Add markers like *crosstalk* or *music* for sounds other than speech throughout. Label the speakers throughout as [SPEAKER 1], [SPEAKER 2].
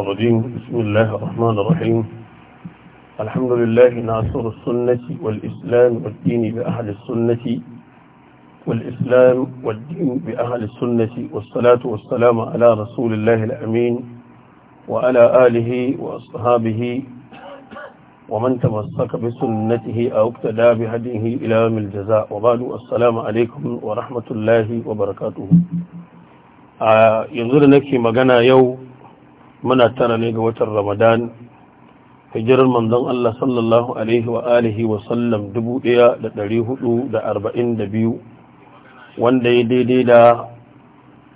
[SPEAKER 1] الرجيم بسم الله الرحمن الرحيم الحمد لله ناصر السنة والإسلام والدين بأهل السنة والإسلام والدين بأهل السنة والصلاة والسلام على رسول الله الأمين وعلى آله وأصحابه ومن تمسك بسنته أو اقتدى بهديه إلى يوم الجزاء وبعد السلام عليكم ورحمة الله وبركاته آه ينظر لك مغنى يوم muna tara ne ga watan ramadan hijirar manzon Allah sallallahu alaihi wa alihi wa sallam 1442 wanda ya daidai da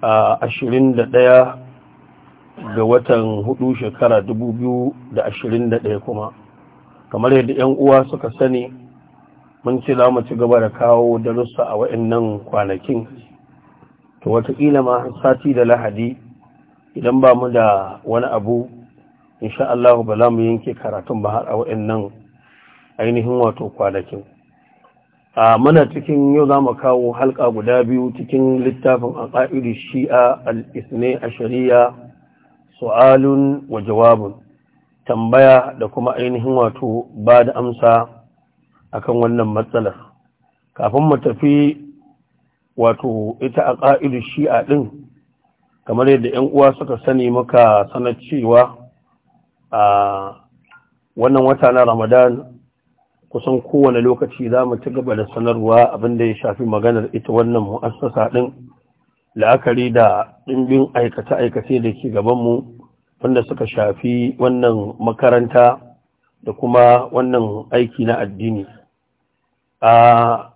[SPEAKER 1] a 21 ga watan hudu shekara 2021 kuma kamar yadda 'yan uwa suka sani mun ci za mu ci gaba da kawo darussa a wa'annan kwanakin to watakila ma sati da lahadi idan ba mu da wani abu insha Allah ba za mu yanke karatun ba har a waɗannan ainihin wato kwanakin a mana cikin yau za mu kawo halka guda biyu cikin littafin a ƙa'idu shi'a al'isne a shari'a su'alun wa jawabun tambaya da kuma ainihin wato ba da amsa akan wannan matsalar kafin mu tafi wato ita a ƙa'idu shi'a ɗin kamar yadda 'yan uwa suka sani muka sanar cewa a wannan wata na ramadan kusan kowane lokaci za mu ci gaba da sanarwa abinda ya shafi maganar ita wannan mu'assasa ɗin la'akari da ɗimbin aikace-aikace da ke gabanmu wanda suka shafi wannan makaranta da kuma wannan aiki na addini a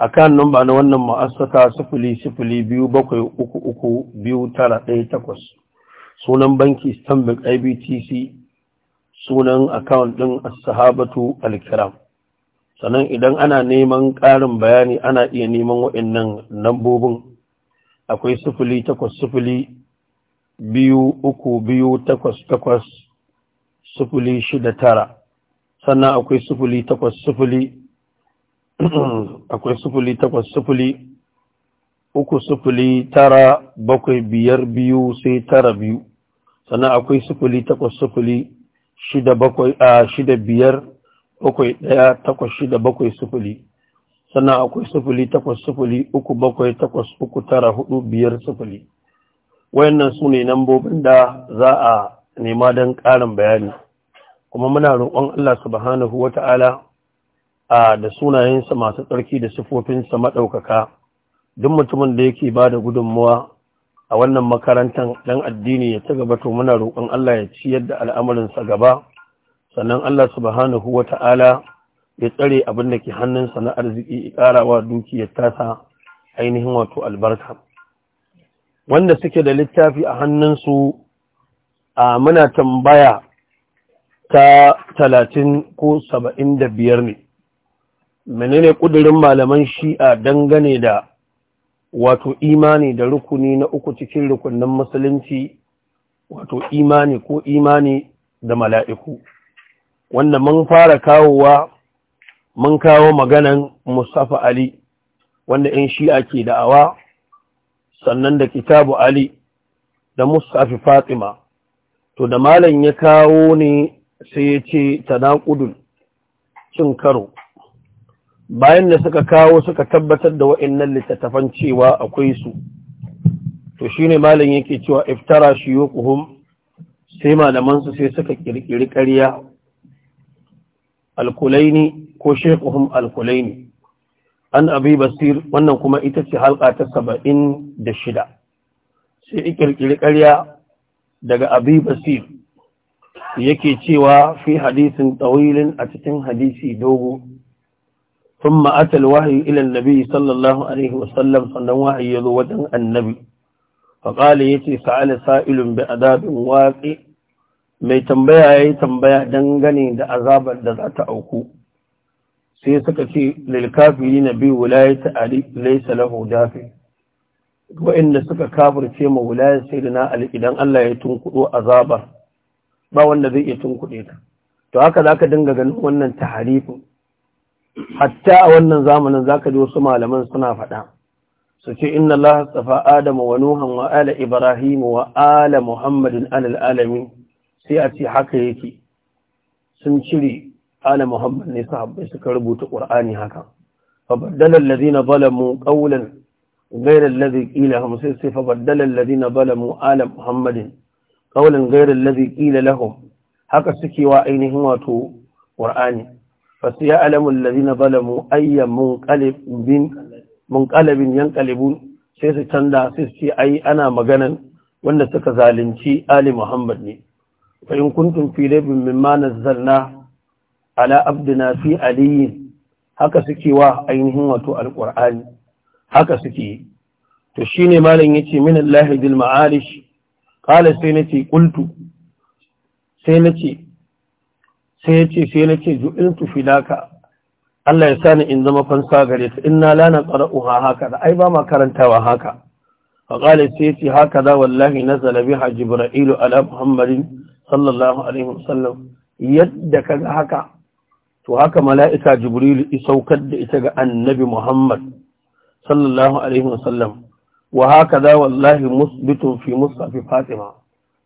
[SPEAKER 1] akan ba na wannan ma'asaka sifili sifili biyu bakwai uku uku biyu tara ɗaya takwas sunan banki stanbic ibtc sunan akawun ɗin sahabatu alkiram sannan idan ana neman ƙarin bayani ana iya neman waɗannan lambobin akwai sifili takwas sifili biyu uku biyu takwas takwas sifili shida tara sannan akwai sifili takwas sifili
[SPEAKER 2] *clears throat*
[SPEAKER 1] akwai sufuli takwas sufuli uku sufuli tara bakwai biyar biyu sai tara biyu sannan akwai sufuli takwas sufuli shida biyar bakwai daya takwas shida bakwai sufuli sannan akwai sufuli takwas sufuli uku bakwai takwas uku tara hudu biyar sufuli wayannan su ne nambobin da za a nema don ƙarin bayani kuma muna roƙon Allah subhanahu wata'ala da sunayensa masu tsarki da sifofinsa maɗaukaka duk mutumin da yake ba da gudunmuwa a wannan makarantar ɗan addini ya ci gaba to muna roƙon Allah ya ciyar da al'amarinsa gaba sannan Allah subhanahu wa ta'ala ya tsare abin da ke hannunsa na arziki ya ƙara wa dukiyar tasa ainihin wato albarka wanda suke da littafi a hannunsu a muna tambaya ta talatin ko saba'in da biyar ne menene kudirin malaman shi'a dangane da wato imani da rukuni na uku cikin rukunin musulunci wato imani ko imani da mala'iku wanda mun fara kawowa mun kawo maganan Mustapha Ali wanda ‘yan shi'a ke da'awa sannan da kitabu Ali da Mustapha Fatima to da malam ya kawo ne sai ya ce tanakudul cin karo bayan da suka kawo suka tabbatar da wa'annan littattafan cewa akwai su to shine malam yake cewa iftara shuyukuhum sai malaman su sai suka kirkiri ƙarya alkulaini ko shekuhum alkulaini an abi basir wannan kuma ita ce halka ta saba'in da shida sai kirkiri ƙarya daga abi basir yake cewa fi hadisin ɗawilin a cikin hadisi dogo ثم أتى الوحي إلى النبي صلى الله عليه وسلم صلى وحي يذوة النبي فقال يتي سأل سائل بأداب واقع mai tambaya ya yi tambaya dangane da azabar da za ta auku sai suka ce lalkafiri na biyu wulayata ali laisa lahu dafi wa'inda suka kafirce ma wulayar sai da na ali idan Allah ya tunkudo azabar ba wanda zai iya tunkuɗe ta to haka za ka dinga ganin wannan taharifin hatta a wannan zamanin zaka ji wasu malaman suna faɗa su ce inna Allah safa Adamu wa Nuhan wa ala Ibrahim wa ala Muhammadin alal alamin sai a ce haka yake sun cire ala Muhammad ne sahabbai suka rubuta Qur'ani haka fa baddala alladhina zalamu qawlan ghayra alladhi qila lahum sai sai fa baddala alladhina zalamu ala Muhammadin qawlan ghayra alladhi qila lahum haka suke wa ainihin wato Qur'ani فسيعلم الذين ظلموا أي منقلب منقلب ينقلبون sai su canza su ce ai ana maganan wanda suka zalunci Ali Muhammad ne fa in kuntum fi raibin mimma nazzalna ala abdina fi haka suke wa ainihin wato alqur'ani haka suke to shine malam yace min Allah dil ma'arish qala sai nace qultu sai nace sai ya ce sai na ce ju'iltu fidaka Allah ya sani in zama fansa gare ta inna la naqra'uha haka da ai ba ma karantawa haka fa qala sai ya ce haka da wallahi nazala biha jibril ala muhammadin sallallahu alaihi wasallam yadda kaga haka to haka mala'ika jibril isaukar da ita ga annabi muhammad sallallahu alaihi wasallam wa haka da wallahi musbitun fi mushafi fatima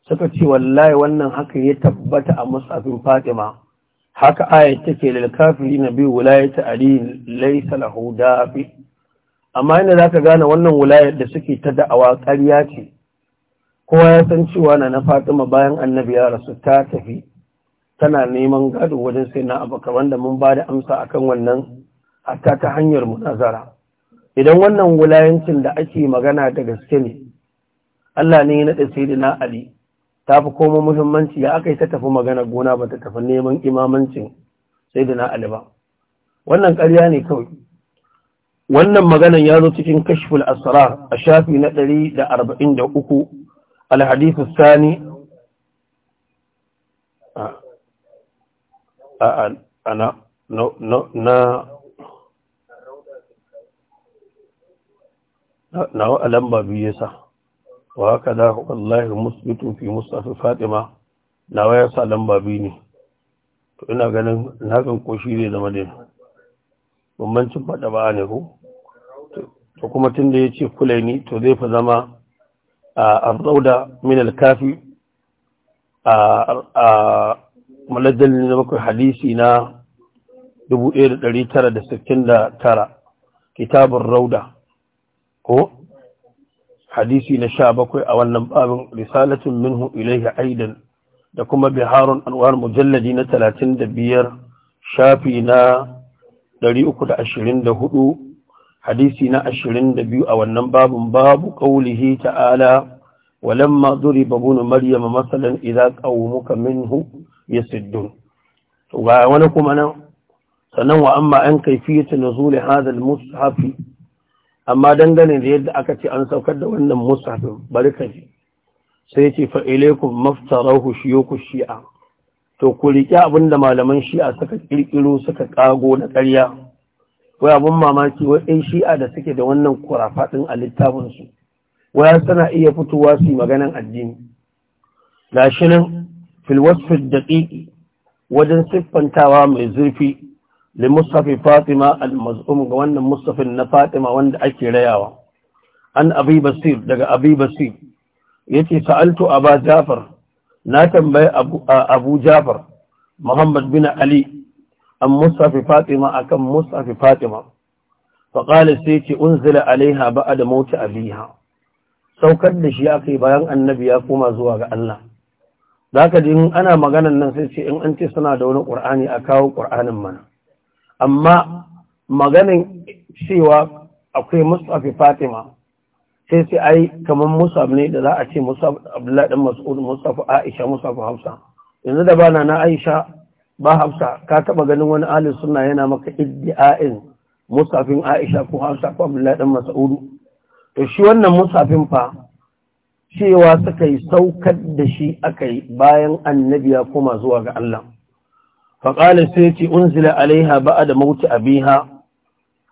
[SPEAKER 1] suka ce wallahi wannan haka ya tabbata a mushafin fatima haka ayat take lil kafirin bi wilayati ali laysa lahu dafi amma inda zaka gane wannan wilayar da suke ta da'awa ƙarya ce kowa ya san cewa na na Fatima bayan annabi ya rasu ta tafi tana neman gado wajen sai na abaka wanda mun ba da amsa akan wannan hatta ta hanyar munazara idan wannan wulayancin da ake magana da gaske ne Allah ne ya naɗa sayyidina Ali ta fi komo muhimmanci ya aka yi ta tafi magana gona ba ta tafi neman imamancin sai da na aliba wannan ƙarya ne kawai wannan maganan ya zo cikin kashful asara a shafi na 143 alhadith sani a ana na na lamba biyu yasa وهكذا هو الله المثبت في مصحف فاطمة nawa ya sa lamba biyu ne to ina ganin na kan koshi ne da madina bambancin fada ba ne ko to kuma tun da ya ce kulaini to zai fa zama a rauda min alkafi a malajjalin na bakwai hadisi na 1969 kitabun rauda ko hadisi na sha bakwai a wannan babin risalatun minhu ilaihi aidan da kuma biharun anwar mujalladi na talatin da biyar shafi na ɗari uku da ashirin da hudu hadisi na ashirin da biyu a wannan babin babu ƙaulihi ta'ala walamma duriba bunu maryama masalan idza qawmuka minhu yasiddun to ga wani kuma nan sannan wa amma an kayfiyatu nuzul hadha al-mushaf amma dangane da yadda aka ce an saukar da wannan musafin bari ka sai ce fa ilaikum maftarahu ku shi'a to ku riƙe abin da malaman shi'a suka ƙirƙiro suka kago na ƙarya wai abin mamaki wai ɗan shi'a da suke da wannan kurafa ɗin a littafinsu su wai suna iya fitowa su yi maganan addini gashi nan fil daƙiƙi wajen siffantawa mai zurfi li mustafi fatima al-maz'um ga wannan mustafin na fatima wanda ake rayawa an abi daga abi basir yace sa'altu aba jafar na tambaye abu abu jafar muhammad bin ali an mustafi fatima akan mustafi fatima faƙalis sai ce unzila alaiha ba a da mauta biha. saukar da shi aka yi bayan annabi ya koma zuwa ga Allah za ka ji ana maganan nan sai ce in an ce suna da wani ƙur'ani a kawo ƙur'anin mana amma maganin cewa akwai musafi fatima sai sai ai kamar musaf ne da za a ce musaf abdullahi dan mas'ud musaf aisha musaf hafsa yanzu da bana na aisha ba hafsa ka taba ganin wani ahli sunna yana maka iddi'ain musafin aisha ko hafsa ko abdullahi dan mas'ud to shi wannan musafin fa cewa suka yi saukar da shi aka bayan annabi ya koma zuwa ga Allah faƙalar sai ce unzila alaiha ba da mauti abiha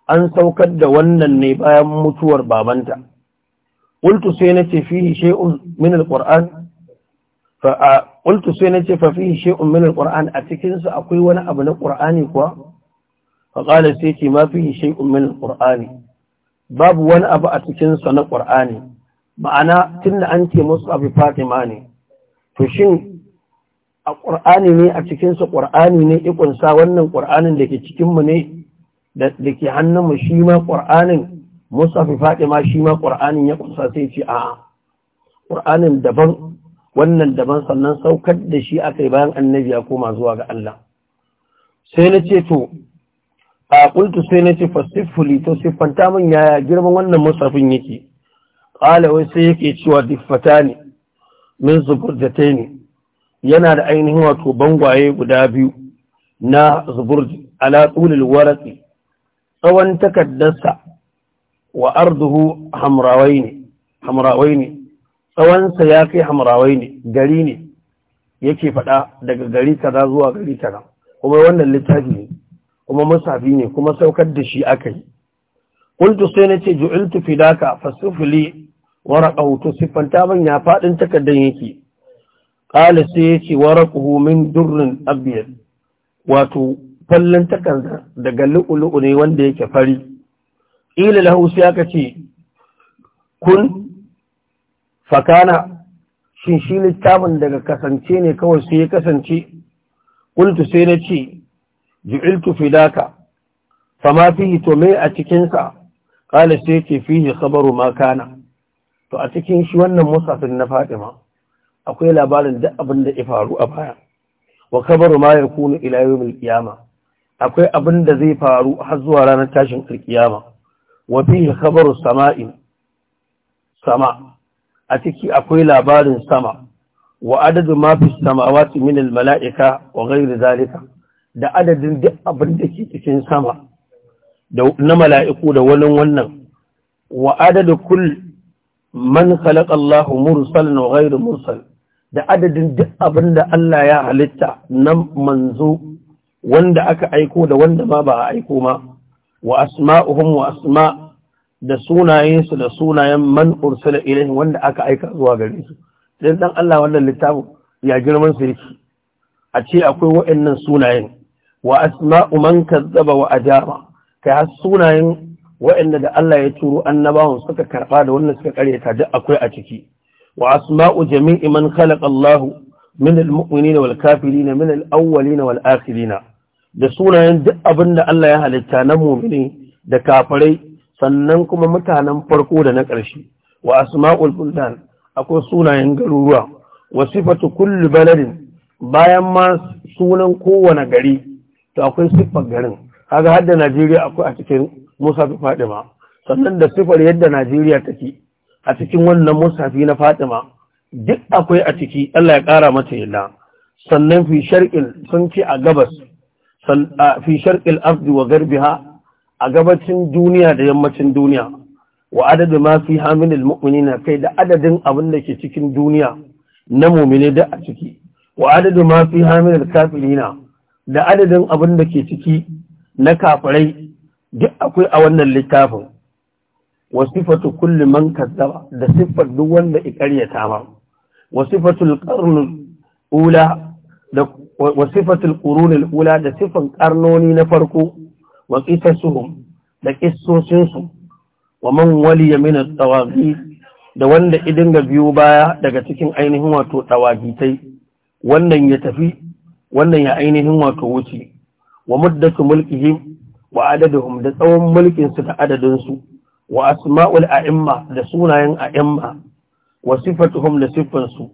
[SPEAKER 1] an saukar da wannan ne bayan mutuwar babanta ƙultu sai na ce fihi she'un min alƙur'an ƙultu sai na ce fa fihi min alƙur'an a cikinsu akwai wani abu na ƙur'ani kuwa faƙalar sai ce ma fi hishe min alƙur'ani babu wani abu a cikinsa na ƙur'ani ma'ana tun da an ce musu abu fatima ne to shin a ƙur'ani ne a cikinsa ƙur'ani ne ikunsa wannan ƙur'anin da ke cikinmu ne da ke hannunmu shi ma ƙur'anin musafi ma shi ma ƙur'anin ya kusa sai ce a ƙur'anin daban wannan daban sannan saukar da shi aka yi bayan annabi ya koma zuwa ga Allah sai na ce to a kultu sai na ce fasifuli to siffanta min yaya girman wannan musafin yake wai sai yake cewa diffata ne min zubar da ta yana da ainihin wato bangwaye guda biyu na zuburji ala tsulil waratsi tsawon takaddarsa wa arduhu hamrawai ne hamrawai ne tsawonsa ya kai hamrawai ne gari ne yake faɗa daga gari kaza zuwa gari kaza kuma wannan littafi ne kuma musafi ne kuma saukar da shi aka yi qultu sai na ce ju'iltu fidaka fasufli waraqahu to sifanta ban ya fadin takaddan yake ƙala sai ya ce warakuhu min durrin abiyar wato fallon takarda daga lu'ulu'u ne wanda yake fari ila lahu ya aka ce kun fakana shin shi littafin daga kasance ne kawai sai ya kasance qultu sai na ce ju'iltu fidaka fama fihi to me a cikinsa. sa sai yake fihi khabaru ma kana to a cikin shi wannan musafin na Fatima akwai labarin duk abin da ya faru a baya wa kabaru ma ya kunu ila yawmil qiyama akwai abin da zai faru har zuwa ranar tashin alkiyama wa fihi khabaru sama a ciki akwai labarin sama wa adadu ma fi samawati min al mala'ika wa ghayri zalika da adadin duk abin da ke cikin sama da na mala'iku da wani wannan wa adadu kull man khalaqa Allah mursalan wa mursal da adadin duk abin da Allah ya halitta nan manzo wanda aka aiko da wanda ma ba a aiko ma wa asma'uhum wa asma da sunayensu da sunayen man ursula ilayhi wanda aka aika zuwa gare su dan dan Allah wannan littafin ya girman su yake, a ce akwai waɗannan sunayen wa asma'u man kazzaba wa ajaba kai har sunayen waɗanda da Allah ya turo annabawan suka karba da wannan suka karyata duk akwai a ciki wa asma'u jami'i man الله Allahu min al من الأولين والآخرين wal da sunayen duk abin da Allah ya halitta na mu'mini da kafirai sannan kuma mutanen farko da na ƙarshe wa asma'ul buldan akwai sunayen garuruwa wa sifatu kulli baladin bayan ma sunan kowane gari to akwai siffar garin kaga hadda Najeriya akwai a cikin Musa Fadima sannan da sifar yadda Najeriya take a cikin wannan musafi na Fatima duk akwai a ciki Allah ya ƙara mata yalla sannan fi sharqil sun ci a gabas fi sharqil ardi wa garbiha a gabacin duniya da yammacin duniya wa adadu ma fi hamilil mu'minina kai da adadin abin da ke cikin duniya na mu'mine duk a ciki wa adadu ma fi hamilil kafirina da adadin abin da ke ciki na kafirai duk akwai a wannan littafin Wasifatu sifatu kulli man kazzaba da siffar wanda wa sifatul qarn ula da sifan karnoni na farko wa qisasuhum da qissosin su wa man waliya min at da wanda idinga biyo baya daga cikin ainihin wato tawagitai wannan ya tafi wannan ya ainihin wato wuce wa muddatu mulkihim wa adaduhum da tsawon mulkin su da adadin su wa asma'ul a'imma da sunayen a'imma wa sifatuhum da siffansu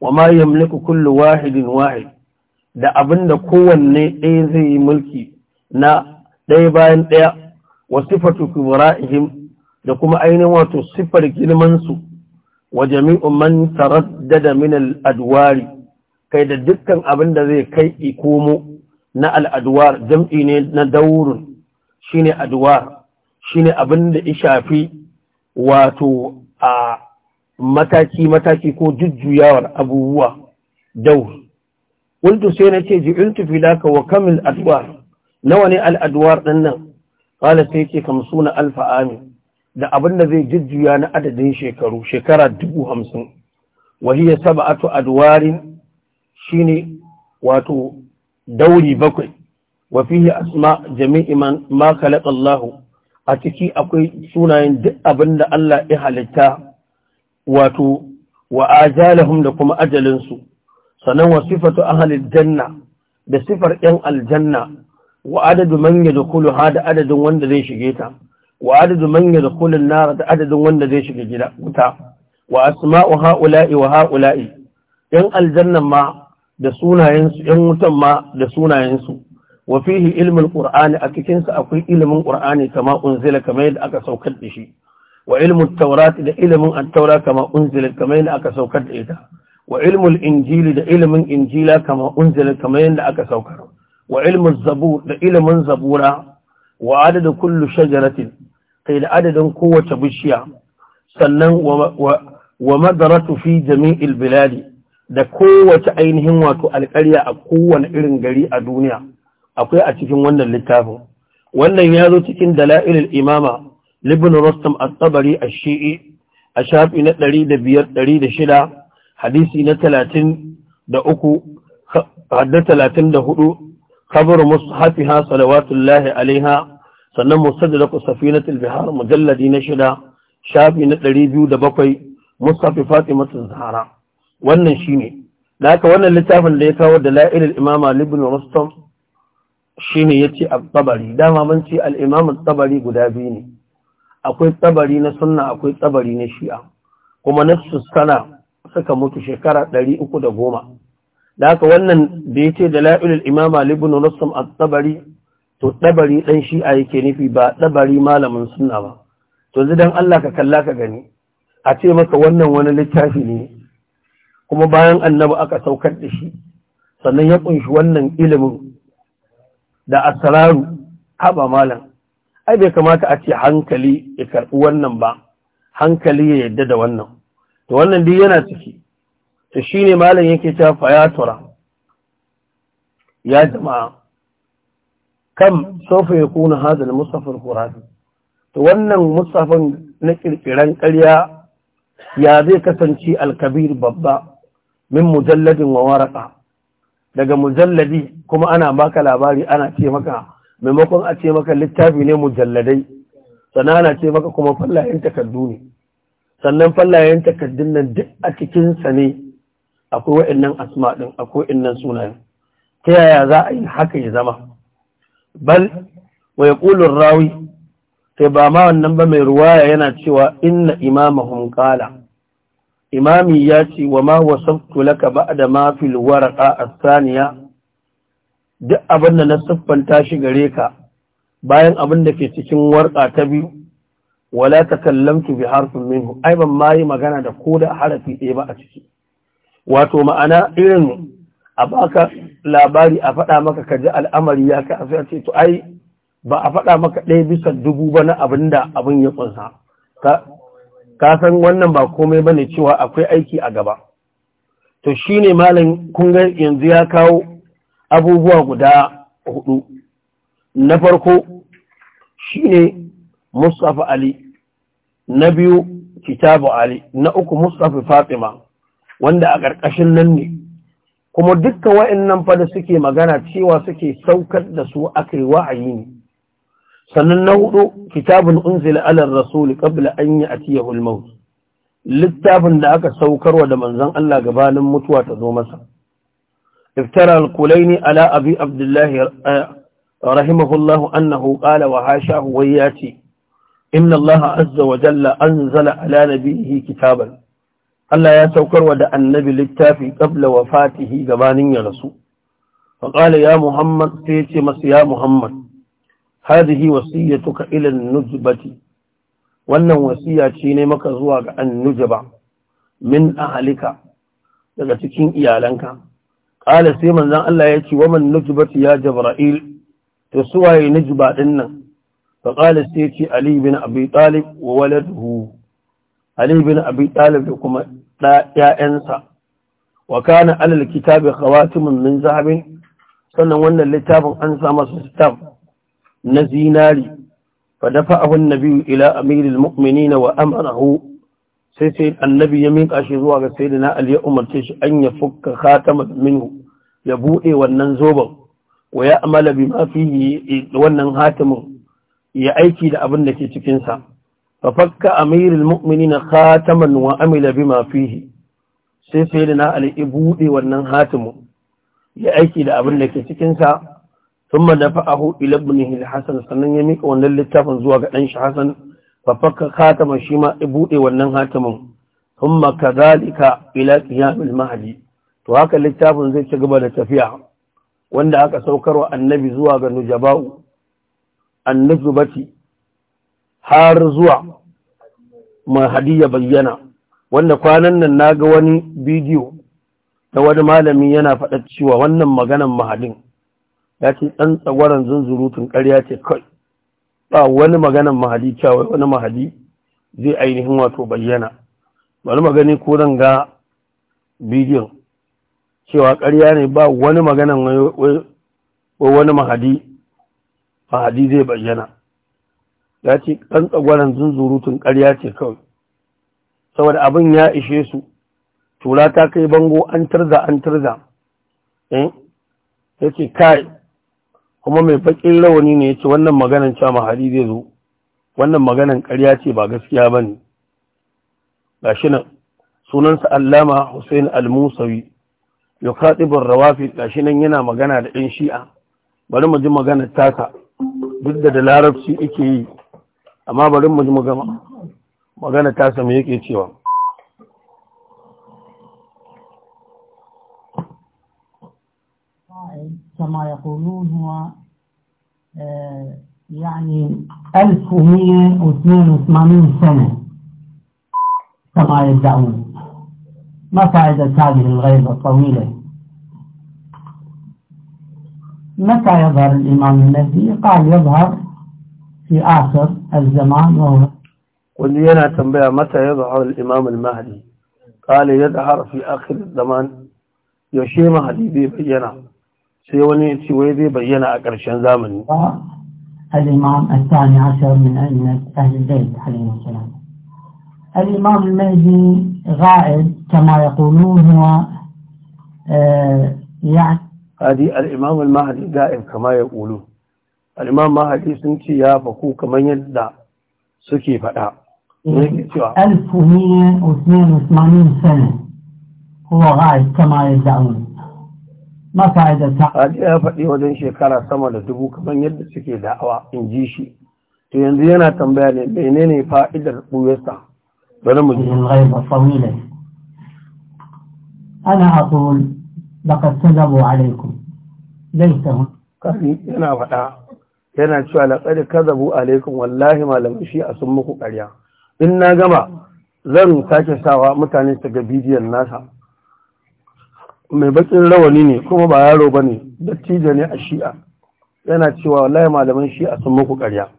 [SPEAKER 1] wa ma yamliku kullu wahidin wahid da abinda kowanne ɗaya zai yi mulki na ɗaya bayan ɗaya wa sifatu kibra'ihim da kuma ainihin wato siffar girman su wa jami'u man taraddada min al kai da dukkan abinda zai kai ikomo na al'aduwar jam'i ne na daurun shine adwar shine abin da ya shafi wato a mataki-mataki ko jujjuyawar abubuwa daur wultu sai na ce tufi filaka wa kamil adwar nawa ne al'adwar ɗin nan ƙwala sai ce kamsu na alfa da abin da zai jujjuya na adadin shekaru shekara dubu hamsin wahiyar saba'atu adwarin shine wato dauri bakwai wafihi asma jami'i ma khalaqa Allahu a ciki akwai sunayen duk abin da Allah ya halitta wato wa ajalahum da kuma ajalinsu sannan wa sifatu ahalil janna da sifar ɗan aljanna wa adadu man ha da adadin wanda zai shige ta wa adadu man an nar da adadin wanda zai shige gida wuta wa asma'u haula'i wa haula'i ɗan aljanna ma da sunayensu ɗan wutan ma da sunayensu Wafihi fihi ilmul qur'ani a cikinsa akwai ilimin ƙur'ani kama unzila kamar yadda aka saukar da shi wa ilmul tawrat da ilimin at kama unzila kamar yadda aka saukar da ita wa ilmul injili da ilimin injila kama unzila kamar yadda aka saukar wa ilmul zabur da ilimin zabura wa kullu shajaratin kai da adadin kowace bishiya sannan wa madaratu fi da kowace ainihin wato alƙarya a kowane irin gari a duniya akwai a cikin wannan littafin wannan ya zo cikin dala'ilul imama libn Rostam at-tabari a shii a shafi na 105 106 hadisi na 30 da uku hadda 34 kabar mushafiha salawatullahi alaiha sannan da musaddaqu safinatul bihar mujalladi na shida shafi na 207 mushafi fatimatu zahra wannan shi ne. da haka wannan littafin da ya kawo dala'ilul imama libn Rostam. shine yace at-tabari dama mun ce al-imam at-tabari guda biyu ne akwai tsabari na sunna akwai tsabari na shi'a kuma na sana suka mutu shekara 310 da haka wannan da yace da la'ilul imam ali ibn rusum at-tabari to tsabari dan shi'a yake nufi ba tsabari malamin sunna ba to zidan Allah ka kalla ka gani a ce maka wannan wani littafi ne kuma bayan annabi aka saukar da shi sannan ya ƙunshi wannan ilimin da asararu haba malam ai bai kamata a ce hankali ya karɓi wannan ba hankali ya yadda da wannan to wannan duk yana ciki to shine malam yake ta fayatura ya jama'a kam sofa ya kuna hada da musafin kurafi to wannan musafan na kirkiran karya ya zai kasance alkabir babba min mujalladin wa waraka daga mujalladi kuma ana baka labari ana ce maka maimakon a ce maka littafi ne mujalladai sannan ana ce maka kuma fallayen takardu ne sannan fallayen takardun nan duk a cikinsa ne akwai wa'annan asma ɗin akwai wa'annan sunayen ta yaya za a yi haka ya zama bal wa ya ƙulun rawi sai ba ma wannan ba mai ruwaya yana cewa inna imamahum qala imami ya ce wa ma wasaftu laka ba'da ma fil waraqa a saniya duk abin da na siffanta shi gare ka bayan abin da ke cikin warka ta biyu wala takallamtu bi harfin minhu ai ban ma yi magana da ko da harafi ɗaya ba a ciki wato ma'ana irin a baka labari a faɗa maka ka ji al'amari ya ka a ce to ai ba a faɗa maka ɗaya bisa dubu ba na abin da abin ya ƙunsa ka san wannan ba komai bane cewa akwai aiki a gaba to shine malam kun ga yanzu ya kawo abubuwa guda hudu na farko shine Mustafa Ali na biyu Kitabu Ali na uku Mustafa Fatima wanda a ƙarƙashin nan ne kuma dukkan wa'annan fa da suke magana cewa suke saukar da su aka yi wa'ayi ne sannan na hudu kitabun unzila ala Rasuli, qabla an ya'tiyahu al-maut littafin da aka saukarwa da manzon Allah gabanin mutuwa ta zo masa iftara al-kulaini ala abi abdullahi eh, rahimahullahu annahu qala wa hashahu wai inna ce. azza wa jalla anzala ala nabiyhi kitaban Allah ya saukarwa da annabi littafi qabla wafatihi gabanin ya rasu ya يا ya ce masa ya Muhammad. hadhihi wasiyatuka ila an-nujbati wannan wasiya ce ne maka zuwa ga an Nujaba' min ahalika daga cikin iyalanka qala sai manzon Allah ya ce wa man nujbati ya jibril to suwaye nujba din nan fa qala sai ce ali bin abi talib wa waladuhu ali bin abi talib da kuma ƴaƴansa wa kana alal kitabi khawatimun min zahabin sannan wannan littafin an sa masa stamp na zinari fa fada fa’ahun Nabiyu ila amiril mu’amini na wa’amarahu sai sai annabi ya minka shi zuwa ga sai da na aliyu umarce shi an ya fuka hata minhu ya buɗe wannan zoban wa ya amala bi mafi wannan hatimin ya aiki da abin da ke cikinsa fafakka amiril mu'mini na wa amila bi mafihi sai da na ali buɗe wannan hatimin ya aiki da abin da ke cikinsa ثم دفعه إلى ابنه الحسن sannan ya mika wannan littafin zuwa ga dan shi Hassan fa fakka khatama shi ma ibude wannan hatamin thumma kadhalika ila qiyam al-mahdi to haka littafin zai ci gaba da tafiya wanda aka saukarwa annabi zuwa ga nujaba'u annuzubati har zuwa mahadi ya bayyana wanda kwanan nan naga wani bidiyo da wani malami yana faɗa cewa wannan maganan mahadin ya ce ɗan tsagwaron zunzurutun ƙarya ce kai ba wani maganan mahadi kyawai wani mahadi zai ainihin wato bayyana bari magani ko zan ga bidiyon cewa ƙarya ne ba wani maganan wani mahadi mahadi zai bayyana ya ce ɗan tsagwaron zunzurutun ƙarya ce kawai saboda abin ya ishe su tura ta kai bango an tarza an tarza eh ya ce kai kuma mai bakin rawani ne ya ce wannan maganan cewa mahadi zai zo wannan maganan ƙarya ce ba gaskiya ga shi nan sunansa Allama Hussein Al-Musawi yukhatibu rawafi ga gashi nan yana magana da ɗan Shi'a bari mu ji magana tasa duk da da larabci ake yi amma bari mu ji magana tasa me yake cewa
[SPEAKER 2] كما يقولون هو آه، يعني 1182 سنة كما يدعون ما فائدة هذه الغيبة الطويلة متى يظهر الإمام المهدي قال يظهر في آخر الزمان وهو
[SPEAKER 1] قل لي أنا تنبيه متى يظهر الإمام المهدي قال يظهر في آخر الزمان يشير مهدي بيبينه sai wani ya ce wai zai bayyana a
[SPEAKER 2] الإمام الثاني عشر من أهل البيت عليهم السلام الإمام المهدي غائب كما يقولون هو يعني
[SPEAKER 1] هذه الإمام المهدي غائب كما يقولون الإمام المهدي سنتي يا بكو كمن يدع سكي فدا
[SPEAKER 2] ألف ومئة واثنين وثمانين سنة هو غائب كما يدعون ma fa'idarta
[SPEAKER 1] hadiya ya faɗi wajen shekara sama da dubu kamar yadda suke da'awa in ji shi to yanzu yana tambaya ne menene fa'idar ɓuyarsa bari mu ji
[SPEAKER 2] ana aqul laqad kadabu alaykum laysa
[SPEAKER 1] kari yana faɗa yana cewa laqad kadabu alaykum wallahi malamin shi a sun muku ƙarya in na gama zan sake sawa mutane su ga bidiyon nasa mai bakin rawani ne kuma ba yaro ba ne dattijo ne a shi'a yana cewa wallahi malaman shi'a sun muku ƙarya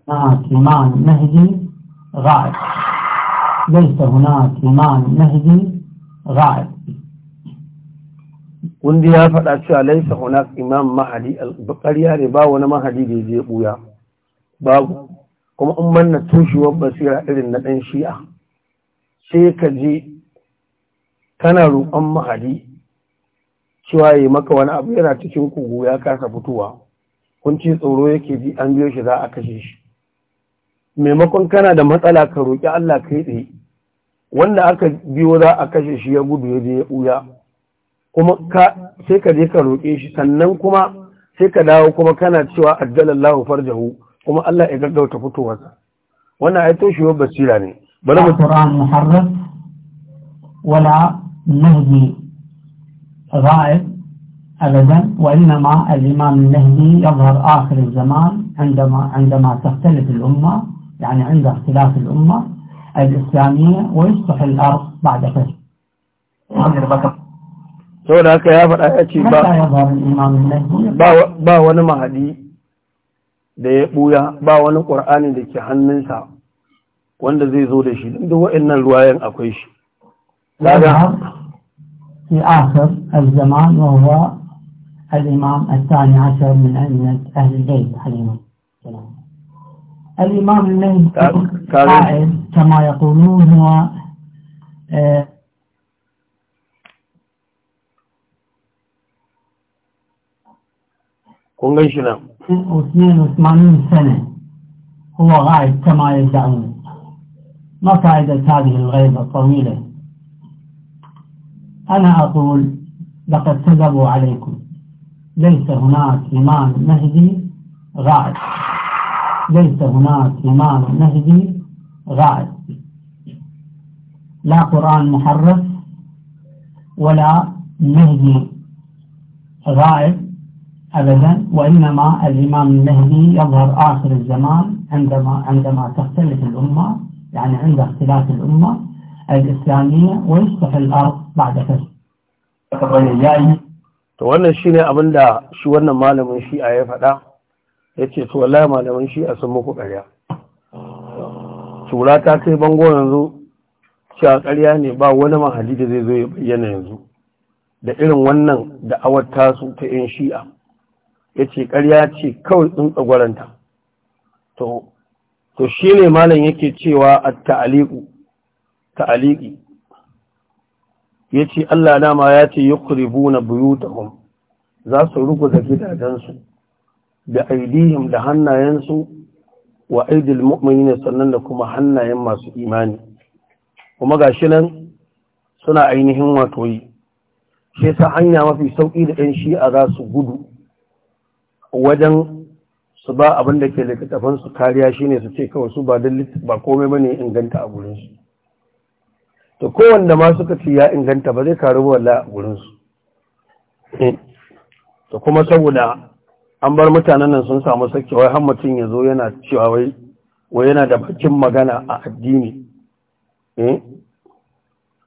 [SPEAKER 1] kundi ya faɗa cewa laisa hunak imam mahadi ƙarya ne ba wani mahadi da zai ɓuya babu kuma in manna tushewar basira irin na ɗan shi'a sai ka je kana roƙon mahadi cewa ya maka wani abu yana cikin kugu ya kasa fitowa kunci tsoro yake ji an biyo shi za a kashe shi maimakon kana da matsala ka roƙi Allah kai tsaye wanda aka biyo za a kashe shi ya gudu ya je ya ɓuya kuma ka sai ka je ka roƙe shi sannan kuma sai ka dawo kuma kana cewa addalallahu farjahu kuma Allah ya gaggauta fitowarsa wannan ai toshewar basira ne
[SPEAKER 2] bari mu tara muharraf wala nahdi غائب أبدا وإنما الإمام المهدي يظهر آخر الزمان عندما عندما تختلف الأمة يعني عند اختلاف الأمة الإسلامية ويصبح الأرض بعد فتح
[SPEAKER 1] sau da haka ya faɗa ya ce ba wani mahadi da ya ɓuya ba wani ƙur'ani da ke hannunsa wanda zai zo da shi duk wa'in nan ruwayen akwai shi
[SPEAKER 2] في آخر الزمان وهو الإمام الثاني عشر من أئمة أهل البيت عليهم السلام الإمام المهدي طيب، طيب. قائد كما يقولون هو آه
[SPEAKER 1] كونغشنا
[SPEAKER 2] 82 سنة هو غائب كما يدعون ما فائدة هذه الغيبة الطويلة أنا أقول لقد كذبوا عليكم ليس هناك إمام مهدي غائب ليس هناك إمام مهدي غائب لا قرآن محرف ولا مهدي غائب أبدا وإنما الإمام المهدي يظهر آخر الزمان عندما عندما تختلف الأمة يعني عند اختلاف الأمة الإسلامية ويصبح الأرض بعد فسد
[SPEAKER 1] to wannan shi ne abinda shi wannan malamin shi'a ya faɗa ya ce to wallahi malamin shi'a sun muku ƙarya tura ta kai bango yanzu cewa ƙarya ne ba wani mahali da zai zo ya bayyana yanzu da irin wannan da'awar tasu ta yin shi'a ya ce ƙarya ce kawai tsun tsagwaranta to shi ne malam yake cewa a ta'aliku ta'aliki ya ce Allah dama ya ce yi kuribu na buyutahum za su ruguza gidajensu da aidihim da hannayensu wa aidil mu'minin sannan da kuma hannayen masu imani kuma shi nan suna ainihin wato yi shi hanya mafi sauki da yan shi'a za su gudu wajen su ba abin da ke littattafansu kariya shine su ce kawai su ba komai ba bane inganta a gurinsu to kowanda ma suka ci ya inganta ba zai karu wala gurinsu to kuma saboda an bar mutanen nan sun samu sake wai har mutum ya zo yana cewa wai wai yana da bakin magana a addini eh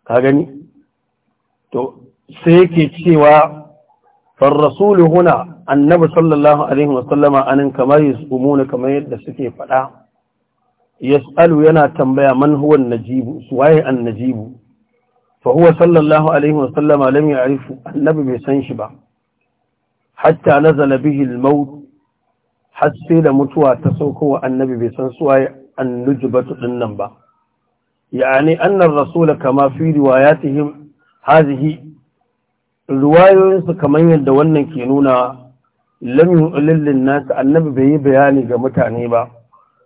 [SPEAKER 1] ka gani to sai yake cewa far هنا النبي صلى الله عليه وسلم أن كما يسقمون kamar yadda suke faɗa. yas'alu yana tambaya man huwa najibu an Najibu? fa huwa sallallahu alaihi wa sallama lam ya'rifu annabi bai san shi ba hatta nazala bihi al-maut har sai da mutuwa ta sauko wa annabi bai san su waye an annujbatu dinnan ba yani annar rasul kama fi riwayatihim hazihi riwayoyinsu kamar yadda wannan ke nuna lam yu'lil lin nas annabi bai yi bayani ga mutane ba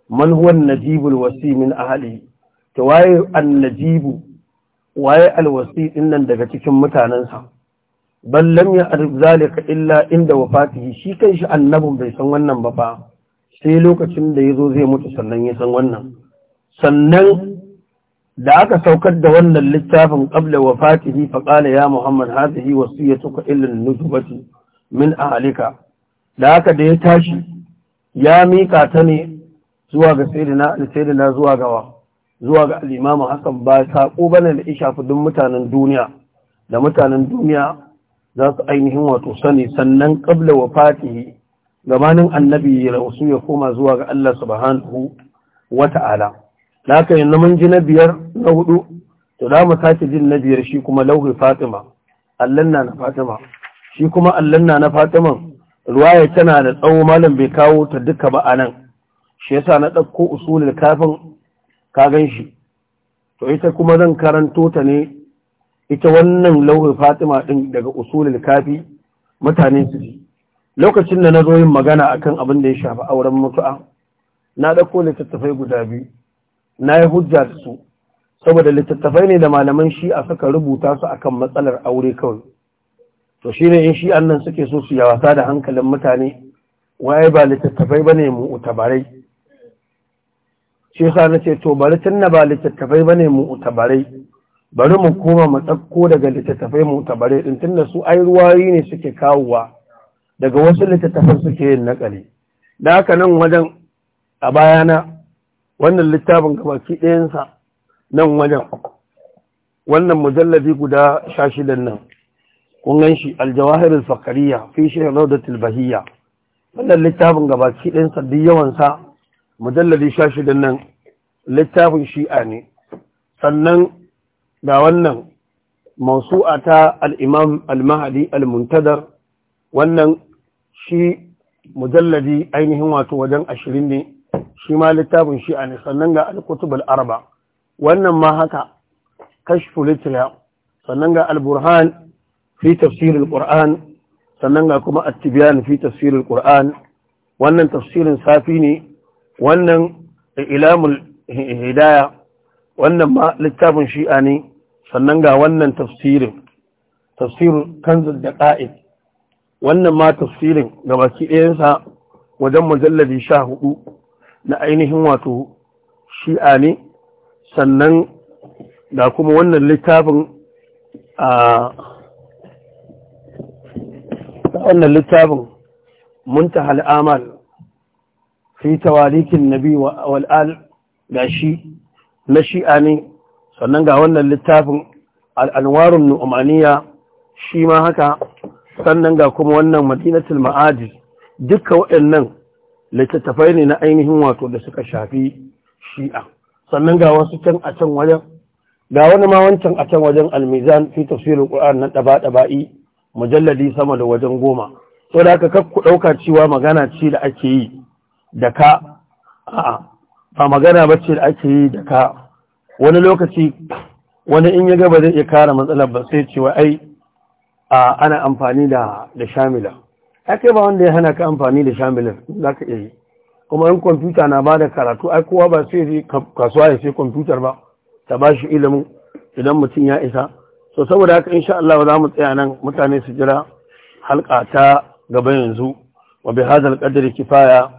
[SPEAKER 1] man huwa najibul wasi min ahli to waye annajibu waye alwasi din daga cikin mutanensa? bal lam ya'rif zalika illa inda wafatihi shi shi annabin bai san wannan ba fa sai lokacin da yazo zai mutu sannan ya san wannan sannan da aka saukar da wannan littafin qabla wafatihi fa qala ya muhammad hadhihi wasiyatuka illa nutubati min ahlika da haka da ya tashi ya mika ta ne zuwa ga sayyidina Ali sayyidina zuwa gawa. zuwa ga al-Imam Hassan ba sako bane da isha fudin mutanen duniya da mutanen duniya za su ainihin wato sani sannan wa fatihi. gabanin annabi ya rasu ya koma zuwa ga Allah subhanahu wata'ala laka yanzu mun ji na biyar na hudu to da mu sake jin na biyar shi kuma lauhi Fatima allanna na Fatima shi kuma allanna na Fatiman? ruwaya tana da tsawo malam bai kawo ta duka ba a nan. shi yasa na ɗauko usulul kafin ka gan shi to ita kuma zan karanto ta ne ita wannan lauhin fatima din daga usulul kafi mutane su ji lokacin da na zo yin magana akan abin da ya shafi auren mutu'a na ɗauko littattafai guda biyu na yi hujja da su saboda littattafai ne da malaman shi a suka rubuta su akan matsalar aure kawai to shi ne in shi annan suke so su wasa da hankalin mutane waye ba littattafai ba ne mu utabarai shi na ce to bari tunda ba littattafai bane mu utabarai bari mu koma mu tsakko daga littattafai mu utabarai din tunda su ai ruwayi ne suke kawowa daga wasu littattafan suke yin nakali da haka nan wajen a bayana wannan littafin gabaki ɗayansa nan wajen wannan mujalladi guda sha shidan nan kun gan shi aljawahirul fakariya fi shi raudatul bahiyya wannan littafin gabaki ɗayansa duk sa mujalladi sha shidan nan littafin shi'a ne sannan ga wannan mausu'a ta al'imam al-mahadi al-muntadar wannan shi mujalladi ainihin wato wajen ashirin ne shi ma littafin shi'a ne sannan ga al arba wannan ma haka kashfu litriya sannan ga al-burhan fi tafsirin ƙur'an sannan ga kuma attibiyan fi tafsirin ƙur'ani. wannan tafsirin safi ne wannan ilamul hidaya wannan ma littafin shi'a ne sannan ga wannan tafsirin tafsirin kanzul da ƙa'id wannan ma tafsirin ga baki ɗayansa wajen mujalladi sha hudu na ainihin wato shi'a ne sannan ga kuma wannan littafin a wannan littafin munta hal'amal fi tawalikin nabi wal ga shi na shi'a ne sannan ga wannan littafin al'anwarun nu'umaniya shi ma haka sannan ga kuma wannan madinatul duka waɗannan littattafai ne na ainihin wato da suka shafi shi'a sannan ga wasu can a can wajen ga wani ma wancan a can wajen almizan fi tafsirin qur'an na ɗaba-ɗaba'i, mujalladi sama da wajen goma so da haka ku ɗauka cewa magana ce da ake yi da ka a'a ba magana ba ce da ake yi da ka wani lokaci wani in ya ba zai iya kara matsalar ba sai cewa ai ana amfani da shamila ake ba wanda ya hana ka amfani da shamila za ka iya yi kuma in kwamfuta na ba da karatu ai kowa ba sai zai kasuwa ya sai kwamfutar ba ta ba shi ilimin idan mutum ya isa so saboda haka insha Allah za mu tsaya nan mutane su jira halka ta gaba yanzu wa bi hadal qadri kifaya